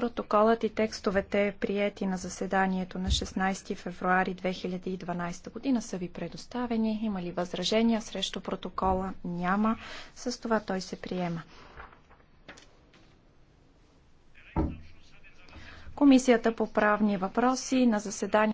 Протоколът и текстовете, приети на заседанието на 16 февруари 2012 година, са ви предоставени. Има ли възражения срещу протокола? Няма. С това той се приема. Комисията по правни въпроси на заседание